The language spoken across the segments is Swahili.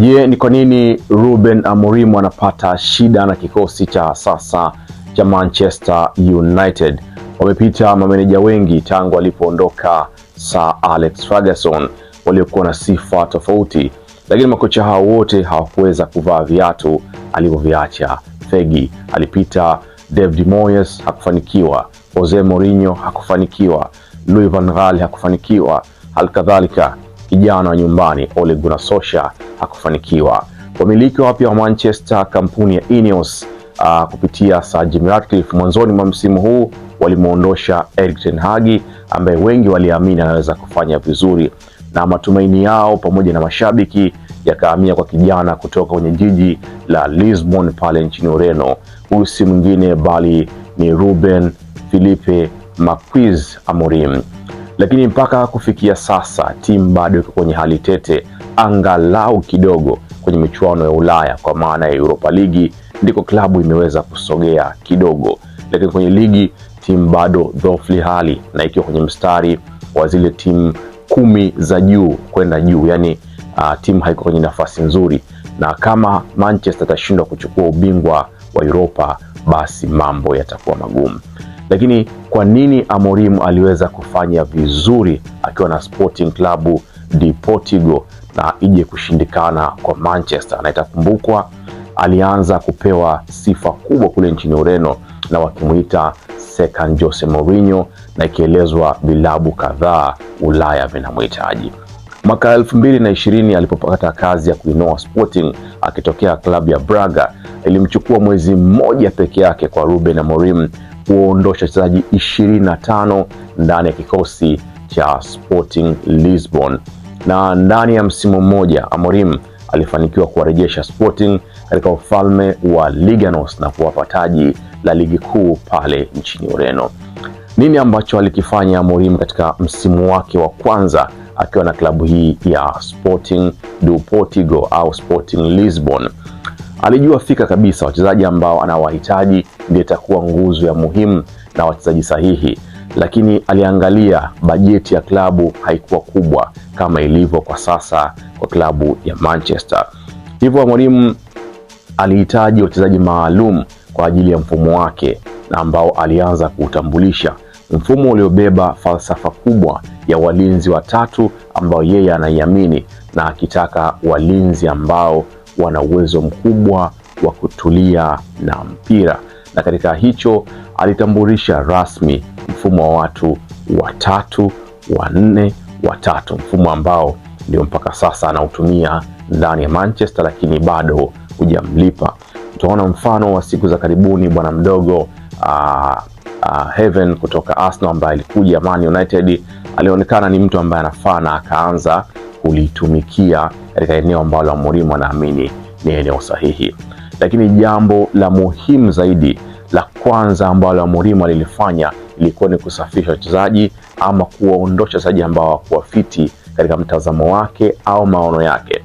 Je, ni kwa nini Ruben Amorim anapata shida na kikosi cha sasa cha Manchester United? Wamepita mameneja wengi tangu alipoondoka Sir Alex Ferguson waliokuwa na sifa tofauti, lakini makocha hao wote hawakuweza kuvaa viatu alivyoviacha Fergie. Alipita David Moyes hakufanikiwa, Jose Mourinho hakufanikiwa, Louis van Gaal hakufanikiwa, halikadhalika kijana wa nyumbani Ole Gunnar Solskjaer hakufanikiwa. Wamiliki wapya wa Manchester, kampuni ya Ineos uh, kupitia Sir Jim Ratcliffe mwanzoni mwa msimu huu walimwondosha Erik ten Hag ambaye wengi waliamini anaweza kufanya vizuri, na matumaini yao pamoja na mashabiki yakahamia kwa kijana kutoka kwenye jiji la Lisbon pale nchini Ureno. Huyu si mwingine bali ni Ruben Felipe Marquez Amorim lakini mpaka kufikia sasa timu bado iko kwenye hali tete, angalau kidogo kwenye michuano ya Ulaya kwa maana ya Europa Ligi ndiko klabu imeweza kusogea kidogo, lakini kwenye ligi timu bado dhofli hali na ikiwa kwenye mstari wa zile timu kumi za juu kwenda juu, yani uh, timu haiko kwenye nafasi nzuri, na kama Manchester atashindwa kuchukua ubingwa wa Europa basi mambo yatakuwa magumu. Lakini kwa nini Amorim aliweza kufanya vizuri akiwa na Sporting Club de Portugal na ije kushindikana kwa Manchester? Na itakumbukwa alianza kupewa sifa kubwa kule nchini Ureno na wakimuita Second Jose Mourinho, na ikielezwa vilabu kadhaa Ulaya vinamhitaji. Mwaka ef220 alipopata kazi ya kuinoa Sporting akitokea klabu ya Braga, ilimchukua mwezi mmoja peke yake kwa Ruben Amorim kuondosha wachezaji 25 ndani ya kikosi cha Sporting Lisbon, na ndani ya msimu mmoja Amorim alifanikiwa kuwarejesha Sporting katika ufalme wa Liganos na kuwapa taji la ligi kuu pale nchini Ureno. Nini ambacho alikifanya Amorim katika msimu wake wa kwanza akiwa na klabu hii ya Sporting do Portugal au Sporting Lisbon? Alijua fika kabisa wachezaji ambao anawahitaji ndio itakuwa nguzo ya muhimu na wachezaji sahihi, lakini aliangalia bajeti ya klabu haikuwa kubwa kama ilivyo kwa sasa kwa klabu ya Manchester. Hivyo mwalimu alihitaji wachezaji maalum kwa ajili ya mfumo wake na ambao alianza kuutambulisha, mfumo uliobeba falsafa kubwa ya walinzi watatu ambao yeye anaiamini na akitaka walinzi ambao wana uwezo mkubwa wa kutulia na mpira, na katika hicho alitambulisha rasmi mfumo wa watu watatu wanne watatu, mfumo ambao ndio mpaka sasa anautumia ndani ya Manchester, lakini bado hujamlipa. utaona mfano wa siku za karibuni bwana mdogo uh, uh, Heaven kutoka Arsenal ambaye alikuja Man United, alionekana ni mtu ambaye anafaa na akaanza kulitumikia katika eneo ambalo Mourinho anaamini ni eneo sahihi. Lakini jambo la muhimu zaidi la kwanza ambalo Mourinho alilifanya ilikuwa ni kusafisha wachezaji ama kuwaondosha wachezaji ambao hawakuwa fiti katika mtazamo wake au maono yake.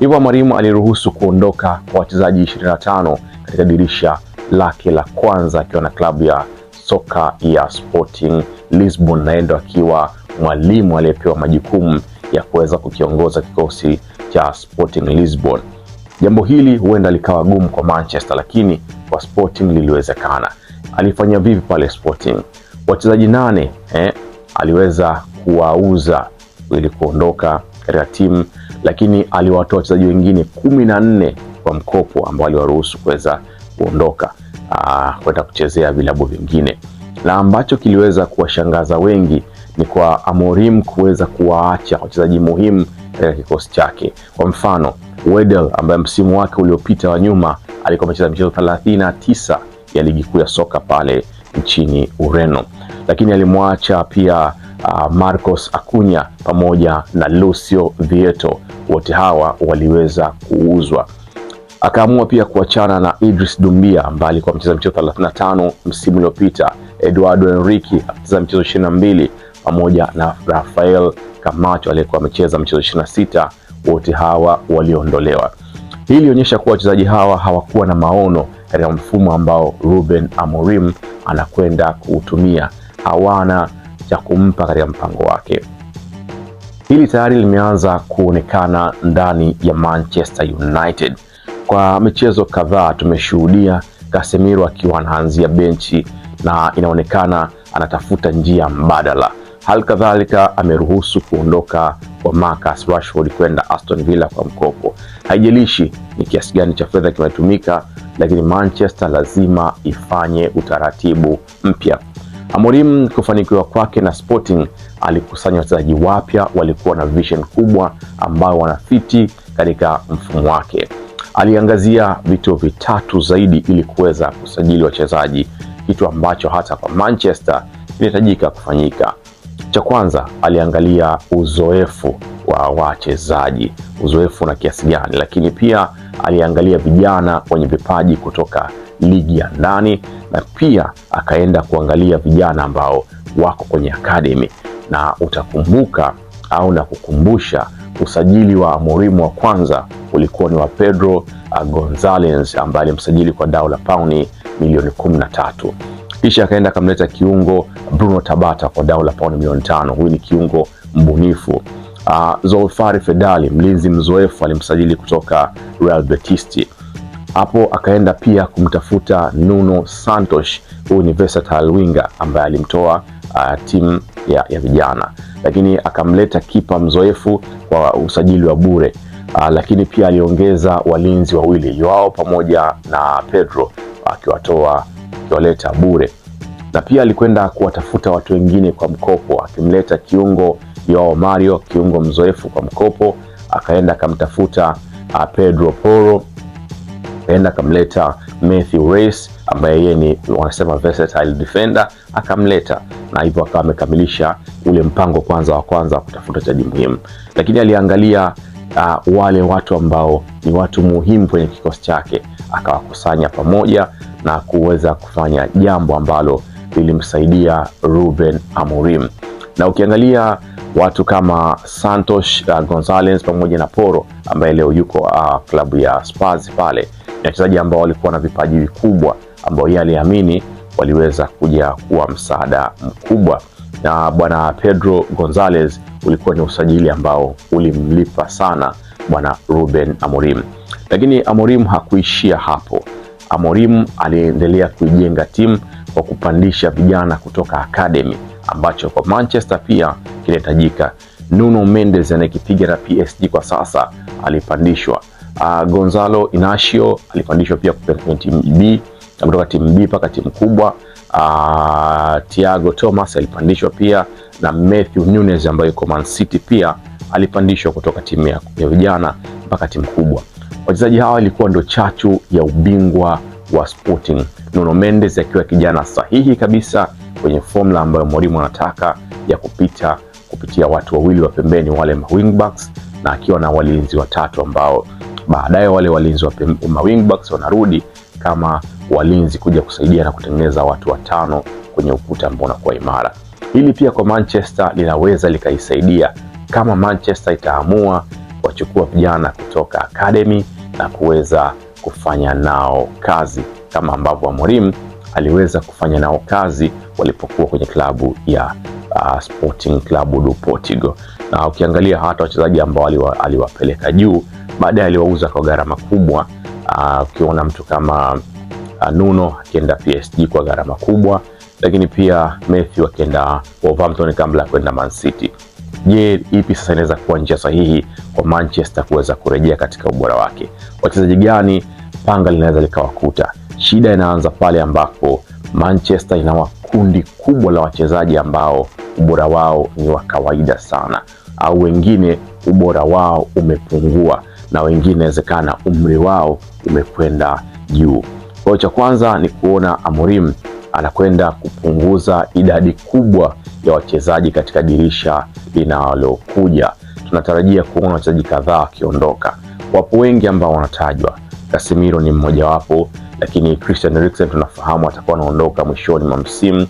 Hivyo Mourinho aliruhusu kuondoka kwa wachezaji 25 katika dirisha lake la kwanza akiwa na klabu ya soka ya Sporting Lisbon, naendo akiwa mwalimu aliyepewa majukumu ya kuweza kukiongoza kikosi cha Sporting Lisbon. Jambo hili huenda likawa gumu kwa Manchester, lakini kwa Sporting liliwezekana. Alifanya vipi pale Sporting? Wachezaji nane eh, aliweza kuwauza ili kuondoka katika timu, lakini aliwatoa wachezaji wengine kumi na nne kwa mkopo ambao aliwaruhusu kuweza kuondoka ah, kwenda kuchezea vilabu vingine, na ambacho kiliweza kuwashangaza wengi ni kwa Amorim kuweza kuwaacha wachezaji muhimu katika kikosi chake. Kwa mfano, Wedel ambaye msimu wake uliopita wa nyuma alikuwa amecheza michezo 39 ya ligi kuu ya soka pale nchini Ureno, lakini alimwacha pia uh, Marcos Acuna pamoja na Lucio Vieto, wote hawa waliweza kuuzwa. Akaamua pia kuachana na Idris Dumbia ambaye alikuwa amecheza michezo 35 msimu uliopita. Eduardo Enrique akacheza michezo 22 pamoja na Rafael Camacho aliyekuwa amecheza mchezo 26, wote hawa waliondolewa. Hii ilionyesha kuwa wachezaji hawa hawakuwa na maono katika mfumo ambao Ruben Amorim anakwenda kuutumia, hawana cha kumpa katika mpango wake. Hili tayari limeanza kuonekana ndani ya Manchester United. Kwa michezo kadhaa tumeshuhudia Casemiro akiwa anaanzia benchi na inaonekana anatafuta njia mbadala. Hali kadhalika ameruhusu kuondoka kwa Marcus Rashford kwenda Aston Villa kwa mkopo. Haijalishi ni kiasi gani cha fedha kimetumika, lakini Manchester lazima ifanye utaratibu mpya. Amorim kufanikiwa kwake na Sporting, alikusanya wachezaji wapya walikuwa na vision kubwa ambao wanafiti katika mfumo wake. Aliangazia vituo vitatu zaidi ili kuweza kusajili wachezaji, kitu ambacho hata kwa Manchester kinahitajika kufanyika. Cha kwanza aliangalia uzoefu wa wachezaji, uzoefu na kiasi gani, lakini pia aliangalia vijana wenye vipaji kutoka ligi ya ndani, na pia akaenda kuangalia vijana ambao wako kwenye akademi, na utakumbuka au na kukumbusha usajili wa Amorim wa kwanza ulikuwa ni wa Pedro Gonzalez ambaye alimsajili kwa dau la pauni milioni 13 kisha akaenda akamleta kiungo Bruno Tabata kwa dau la paundi milioni tano. Huyu ni kiungo mbunifu. Uh, ah, Zolfari Fedali mlinzi mzoefu alimsajili kutoka Real Betis. Hapo akaenda pia kumtafuta Nuno Santos, huyu ni versatile winger ambaye alimtoa uh, ah, timu ya, ya vijana, lakini akamleta kipa mzoefu kwa usajili wa bure. Uh, lakini pia aliongeza walinzi wawili Joao pamoja na Pedro akiwatoa akiwaleta bure, na pia alikwenda kuwatafuta watu wengine kwa mkopo, akimleta kiungo yao Mario, kiungo mzoefu kwa mkopo, akaenda akamtafuta uh, Pedro Porro, akaenda akamleta Matthew Reis ambaye yeye ni wanasema versatile defender, akamleta na hivyo akawa amekamilisha ule mpango kwanza wa kwanza wa kutafuta chaji muhimu, lakini aliangalia uh, wale watu ambao ni watu muhimu kwenye kikosi chake, akawakusanya pamoja na kuweza kufanya jambo ambalo lilimsaidia Ruben Amorim. Na ukiangalia watu kama Santos uh, Gonzalez pamoja na Poro ambaye leo yuko uh, klabu ya Spurs pale, ni wachezaji ambao walikuwa na vipaji vikubwa ambao yeye aliamini waliweza kuja kuwa msaada mkubwa na bwana Pedro Gonzalez ulikuwa ni usajili ambao ulimlipa sana bwana Ruben Amorim. Lakini Amorim hakuishia hapo. Amorim aliendelea kuijenga timu kwa kupandisha vijana kutoka academy, ambacho kwa Manchester pia kinahitajika. Nuno Mendes anayekipiga na PSG kwa sasa alipandishwa. Uh, Gonzalo Inacio alipandishwa pia kutoka timu B mpaka timu kubwa uh, Thiago Thomas alipandishwa pia na Matthew Nunes ambaye yuko Man City pia alipandishwa kutoka timu ya vijana mpaka timu kubwa. Wachezaji hawa ilikuwa ndo chachu ya ubingwa wa Sporting. Nuno Mendes akiwa kijana sahihi kabisa kwenye formula ambayo mwalimu anataka ya kupita kupitia watu wawili wa pembeni wale ma na akiwa na walinzi watatu ambao baadaye wale walinzi wa mawingbacks wanarudi kama walinzi kuja kusaidia na kutengeneza watu watano kwenye ukuta ambao unakuwa imara. Hili pia kwa Manchester linaweza likaisaidia kama Manchester itaamua kuwachukua vijana kutoka academy na kuweza kufanya nao kazi kama ambavyo Amorim aliweza kufanya nao kazi walipokuwa kwenye klabu ya uh, Sporting Club do Portugal. Na ukiangalia hata wachezaji ambao aliwapeleka aliwa juu baadaye aliwauza kwa gharama kubwa. Uh, ukiona uh, mtu kama Nuno akienda PSG kwa gharama kubwa, lakini pia Matthew akienda Wolverhampton kabla ya kwenda Man City. Je, ipi sasa inaweza kuwa njia sahihi kwa Manchester kuweza kurejea katika ubora wake? Wachezaji gani panga linaweza likawakuta? Shida inaanza pale ambapo Manchester ina kundi kubwa la wachezaji ambao ubora wao ni wa kawaida sana, au wengine ubora wao umepungua, na wengine inawezekana umri wao umekwenda juu. Kwa hiyo cha kwanza ni kuona Amorim anakwenda kupunguza idadi kubwa ya wachezaji katika dirisha linalokuja. Tunatarajia kuona wachezaji kadhaa wakiondoka. Wapo wengi ambao wanatajwa, Casemiro ni mmojawapo, lakini Christian Eriksen tunafahamu atakuwa anaondoka mwishoni mwa msimu.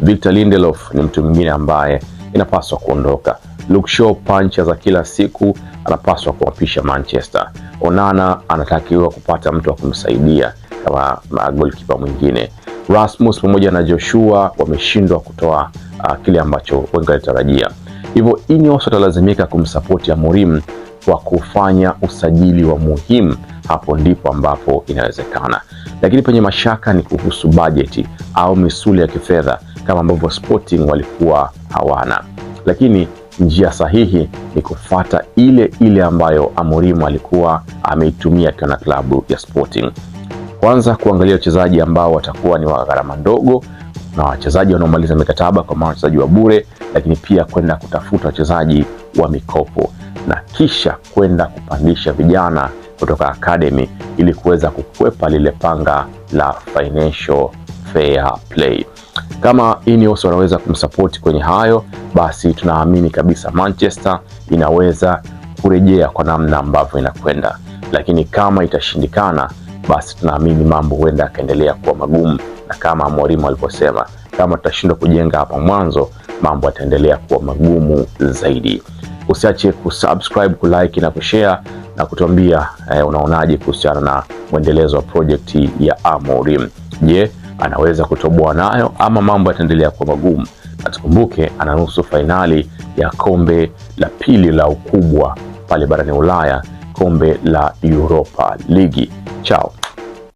Victor Lindelof ni mtu mwingine ambaye inapaswa kuondoka. Luke Shaw, pancha za kila siku, anapaswa kuwapisha Manchester. Onana anatakiwa kupata mtu wa kumsaidia kama magolkipa mwingine. Rasmus pamoja na Joshua wameshindwa kutoa uh, kile ambacho wengi walitarajia, hivyo Ineos watalazimika kumsapoti Amorim kwa kufanya usajili wa muhimu. Hapo ndipo ambapo inawezekana, lakini penye mashaka ni kuhusu bajeti au misuli ya kifedha kama ambavyo Sporting walikuwa hawana, lakini njia sahihi ni kufata ile ile ambayo Amorim alikuwa ameitumia akiwa na klabu ya Sporting. Kwanza kuangalia wachezaji ambao watakuwa ni wa gharama ndogo na wachezaji wanaomaliza mikataba, kwa maana wachezaji wa bure, lakini pia kwenda kutafuta wachezaji wa mikopo na kisha kwenda kupandisha vijana kutoka academy ili kuweza kukwepa lile panga la financial fair play. Kama Ineos wanaweza kumsapoti kwenye hayo, basi tunaamini kabisa Manchester inaweza kurejea kwa namna ambavyo inakwenda, lakini kama itashindikana basi tunaamini mambo huenda yakaendelea kuwa magumu, na kama mwalimu alivyosema, kama tutashindwa kujenga hapa mwanzo, mambo yataendelea kuwa magumu zaidi. Usiache kusubscribe, kulike na kushare na kutuambia eh, unaonaje kuhusiana na mwendelezo wa projekti ya Amorim. Je, anaweza kutoboa nayo ama mambo yataendelea kuwa magumu? Na tukumbuke ana nusu fainali ya kombe la pili la ukubwa pale barani Ulaya, kombe la Europa Ligi. Chao.